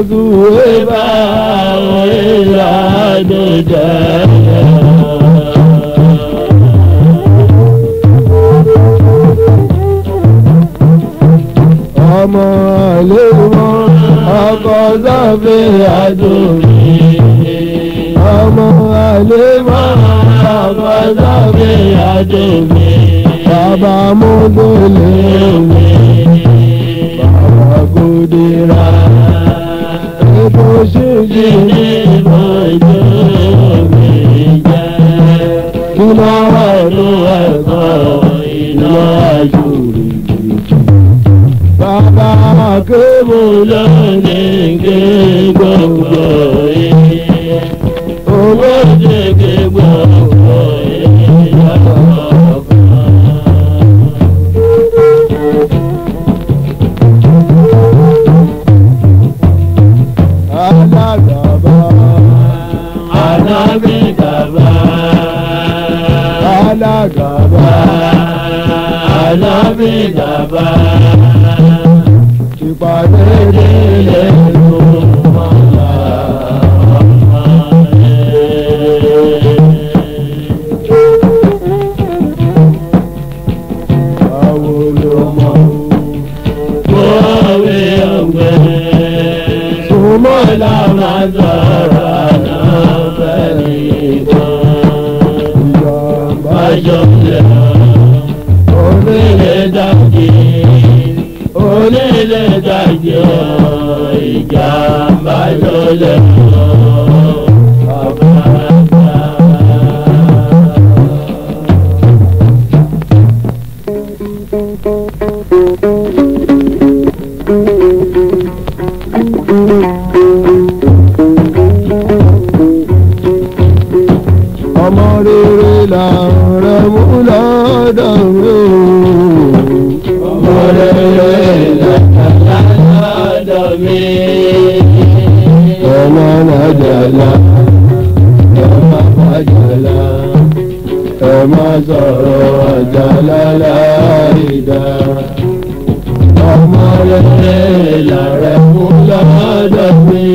ذوبا وإلى بدايا وما لمن أقضى في عدوه وما لمن أقضى في عدوه بابا مدلل kébù lónìí ké gbogbo yìí owó ṣe ké gbogbo. fi dàbà. ìpàdé délé. fàjàlá ẹ má fàjàlá ẹ má sọ̀rọ̀ àjàlá láìda ọmọ rere làrẹ fún lọ́dọ̀ mi.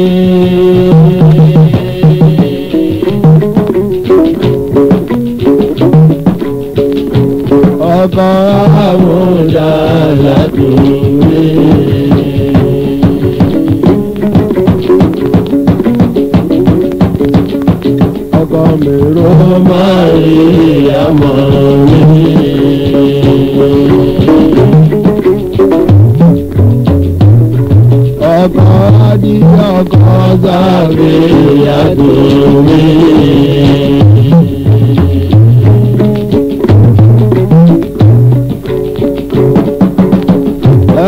ọba àwọn ọ̀dà ládùn. mẹ́rọ. ó máa rí àmọ́ mi. ọkọ̀ adí ọkọ̀ sáré àgọ́ mi.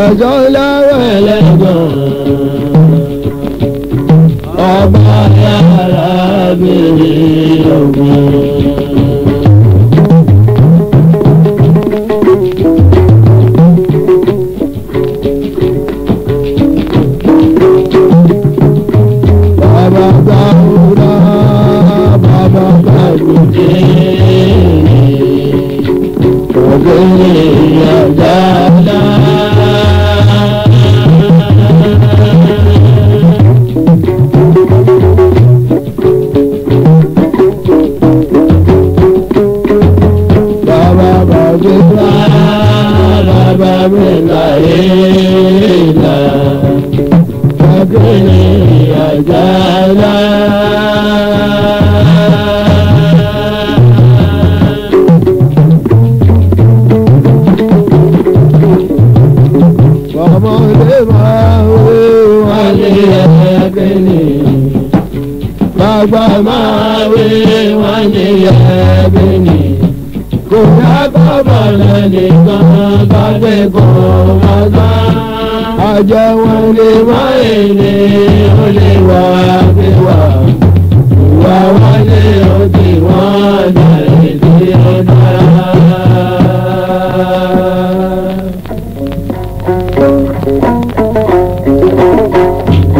ẹjọ́ lẹ́wẹ̀lẹ́. bá dẹ́kọ̀ máa gbá. ọjọ́ wọn lè má èlé ó lè wá bí ìwà wálé ó ti wọ́n dàrí ọ̀dà.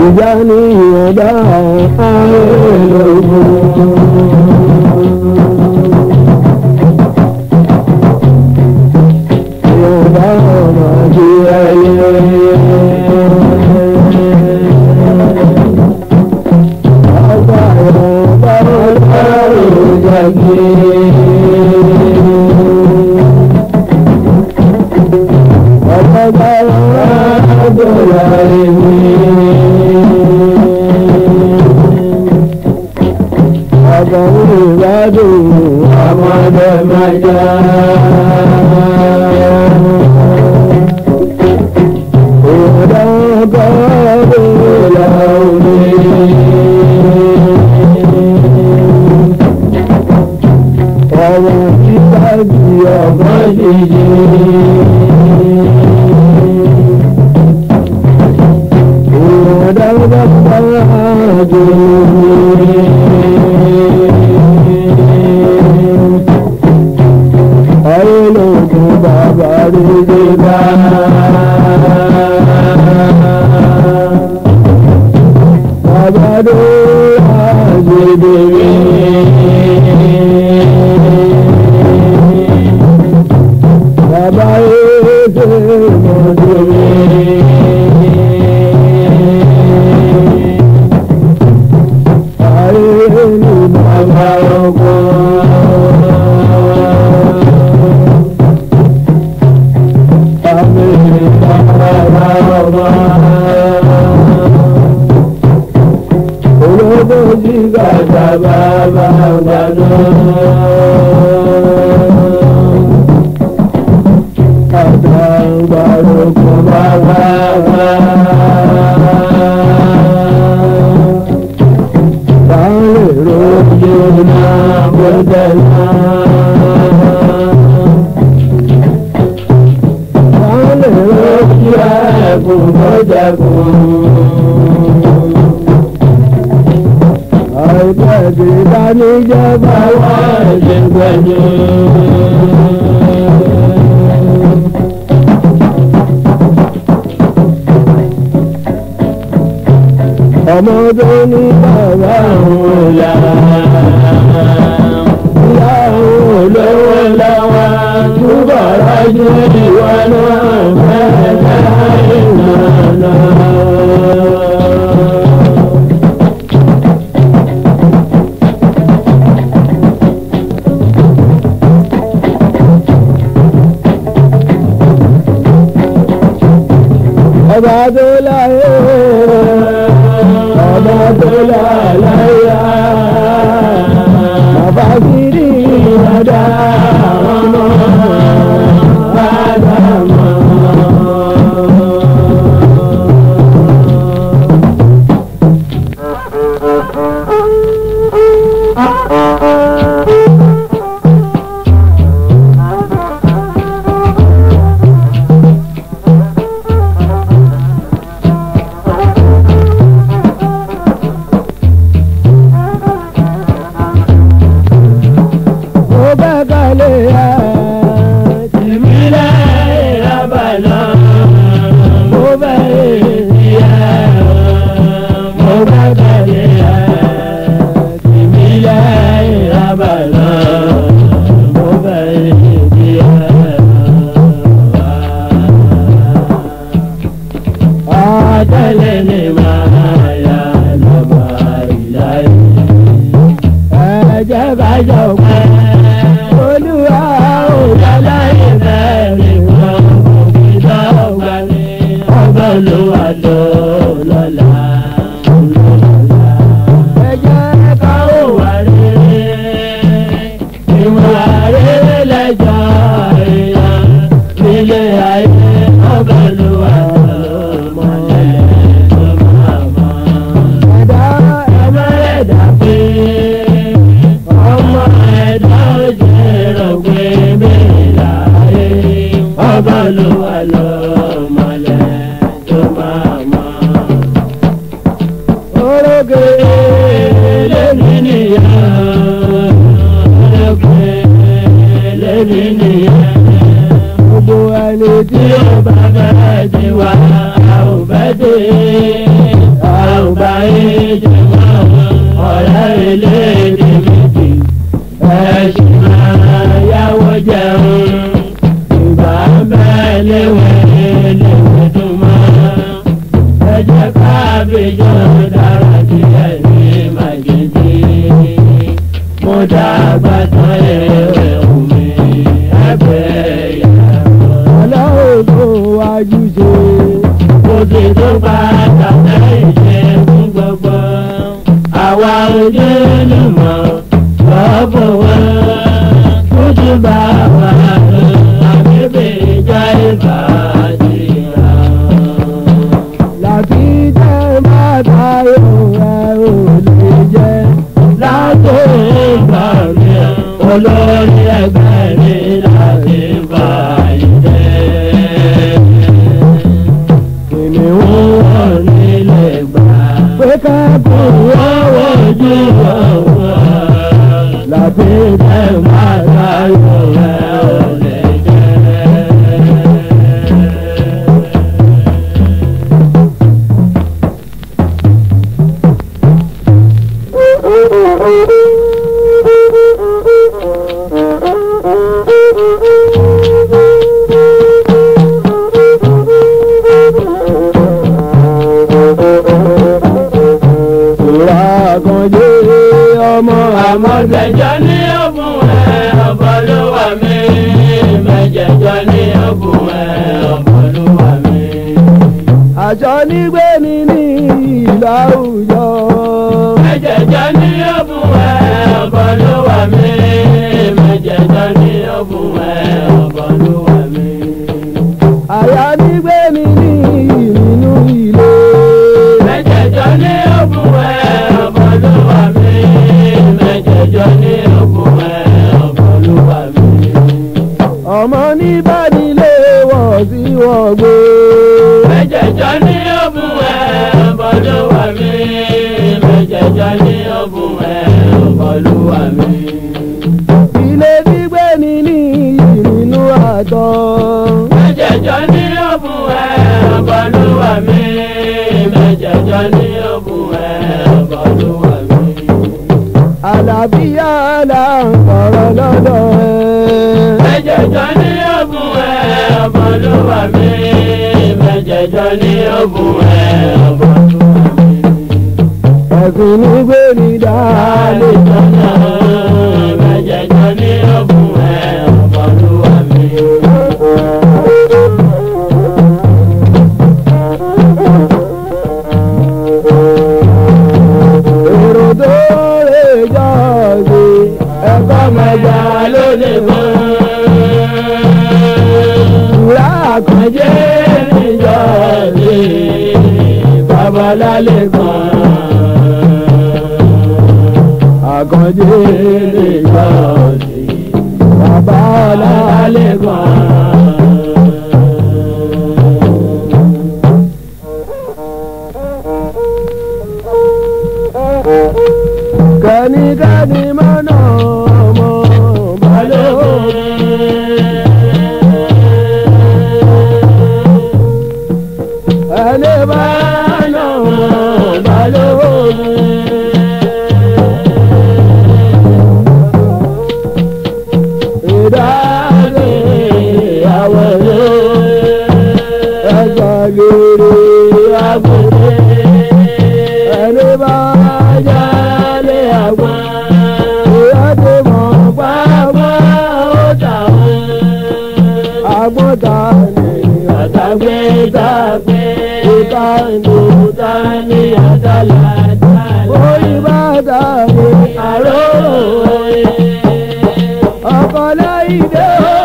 ìjà ni ìyọ̀dá. Oh, bí bàbá bàbá wà náà. Kàtà gbàrúkú bàbá wà. Báwo lójú náà bó níjọba wá ṣe gbàjọ. ọmọ tó ní bàbá òun lára ìyá òun lówó láwa túbọ̀ rájú náà fẹ́ẹ́ fẹ́ẹ́ náà náà. Dola जाओ love. olúwa mi mẹjẹjọ ní ogun ẹ olúwa mi. ilé ni ní iyì nínú àjọ. mẹjẹjọ ní ogun ẹ olúwa mi mẹjẹjọ ní ogun ẹ olúwa mi. àlàbíyá là ń sọ̀rọ̀ lọ́dọ̀ ẹ. mẹjẹjọ ní ogun ẹ olúwa ẹ̀sìn nígbèrè dáadé. भजे àwùtáni àdàlà àdàlà. orí bá dàgbé. àrò òye. ọkọ̀ lẹ́yìn dé o.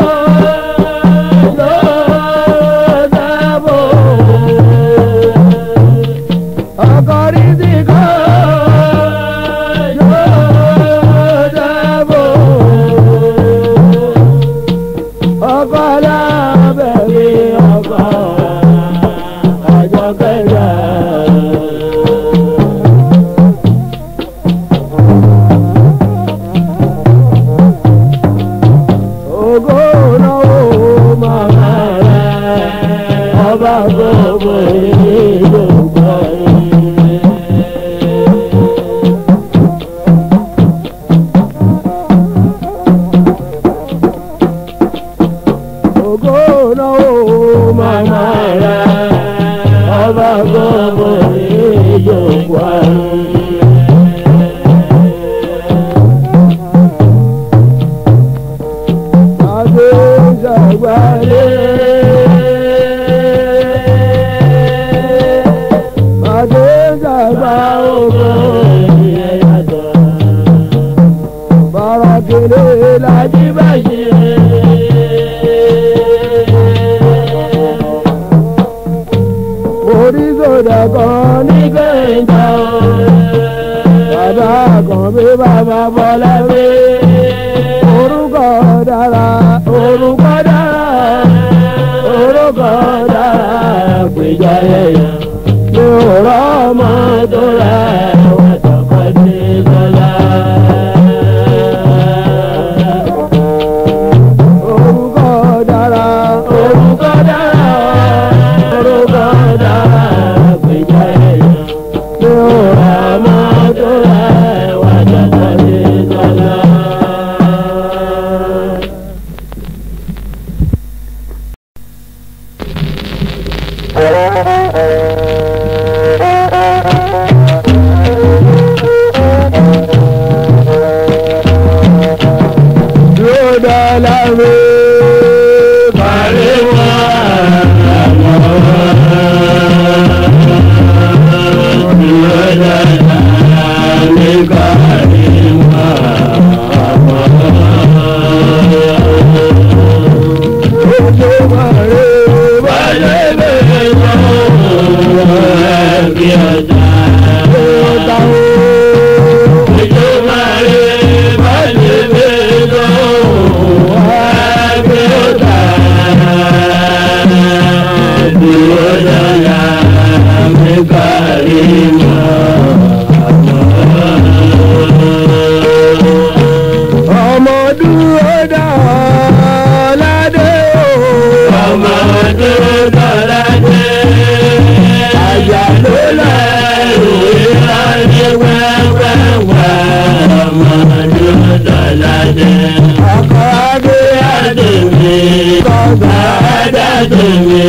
dẹ̀. ọkọ adé àdèmí kọgbà àdàdèmí.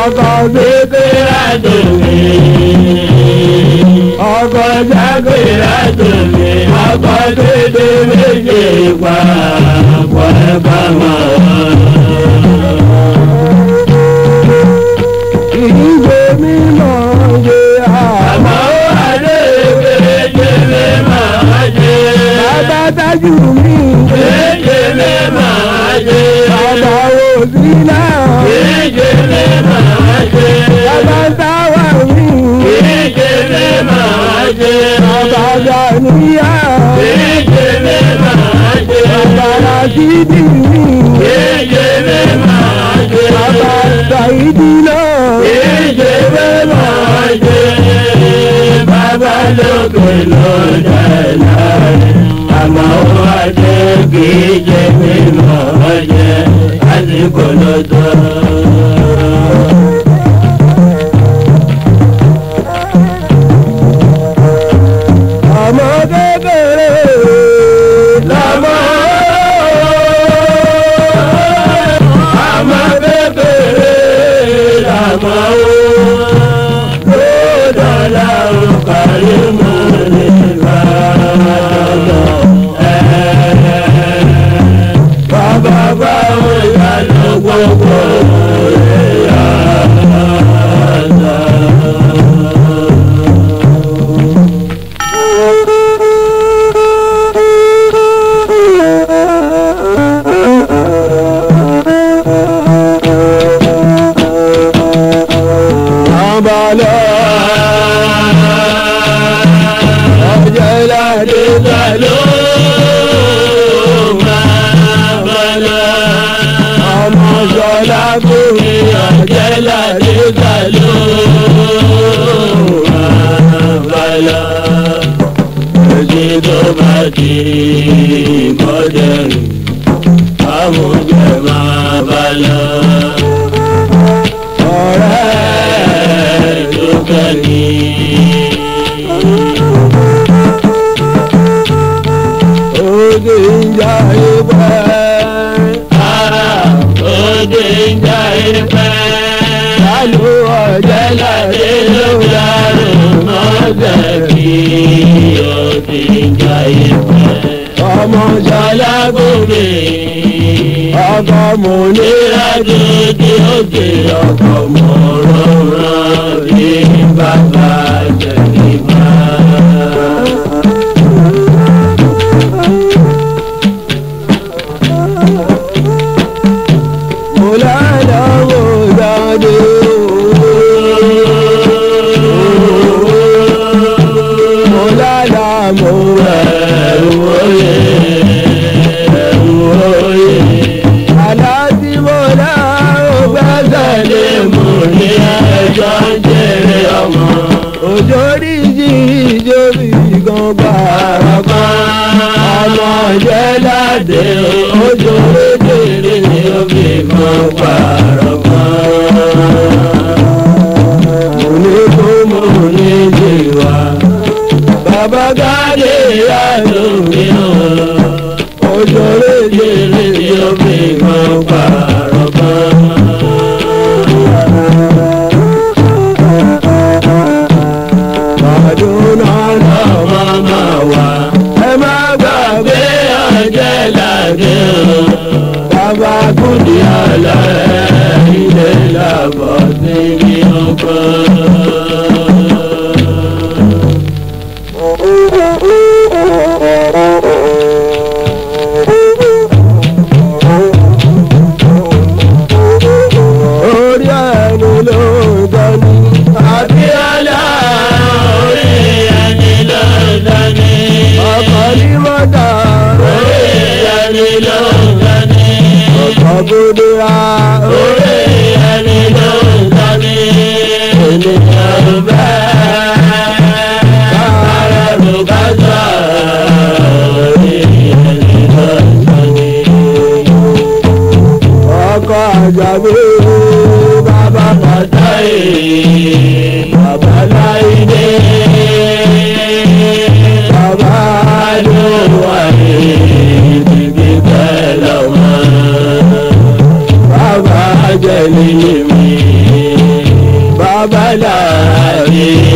ọkọ gbégbé àdèmí. ọkọ jágbé àdèmí. ọkọ dédé méje pa àpò ẹ̀bá wọn. ṣáájú mi. Kéje lè máa ṣe. Bàbá òbí náà. Kéje lè máa ṣe. Bàbá sáwà mi. Kéje lè máa ṣe. Bàbá Gàníyà. Kéje lè máa ṣe. Bàbá Rasidi mi. Kéje lè máa ṣe. Bàbá Sàídì náà. Kéje lè máa ṣe. Bàbá lókè lọ́jà. kí bọ́dẹ̀rù àwọn ọgbẹ́ máa bá lọ. ọ̀rẹ́ ló kẹ́ ni. òde ń já ibẹ̀. ara ń já ibẹ̀. lálù ọ̀jẹ̀ ládé ló dárò mọ́ bẹ́ẹ̀ kí òde ìfẹ́. ọmọ jalágbóbe ọkọ mo nira dúdú ògbé ọkọ mo bí bàbá jẹ. Yeah.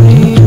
Thank you.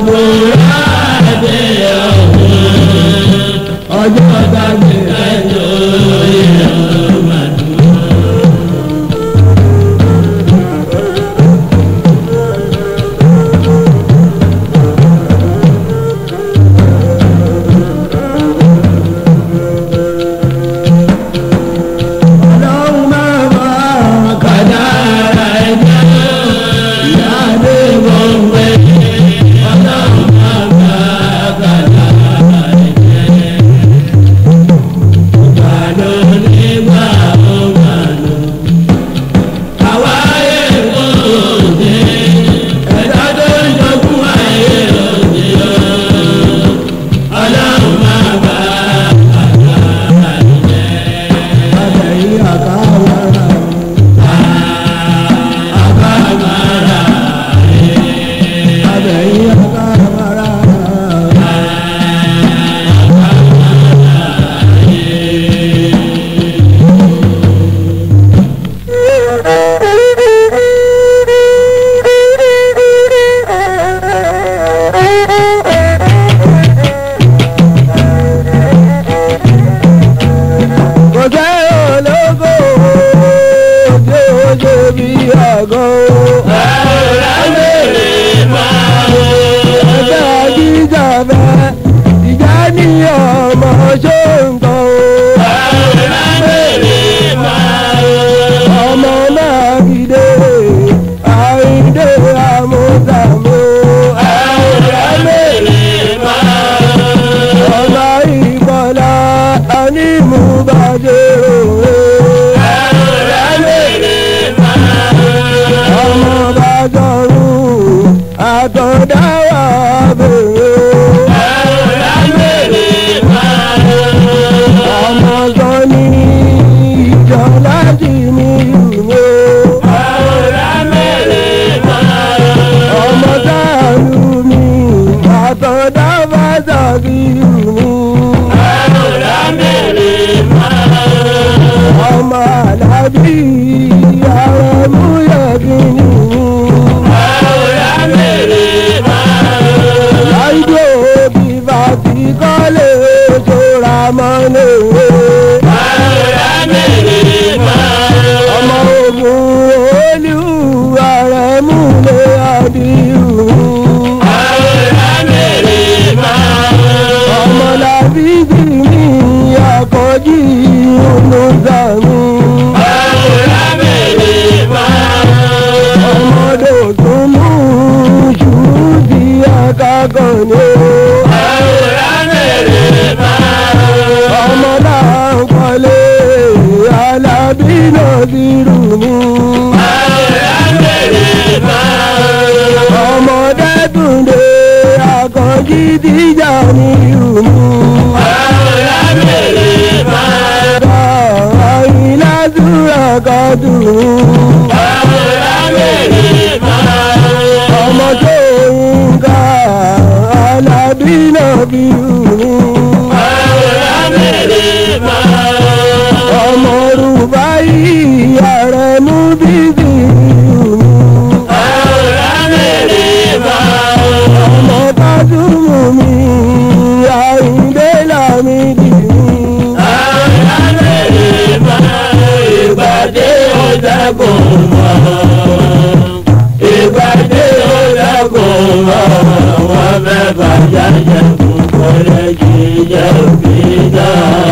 gbòòrò àdéhùn ọjọ́ ìdájọ́. lóbìrú mú. ọmọdé dùnde àkànjí díjà ní ìrùmú. dọ̀rọ̀ ìlàdúrà kan dùn. ọmọ tó ń ga aládùn náà mẹ́fà jáde kò kọ́lé jíjẹ́ òbí náà.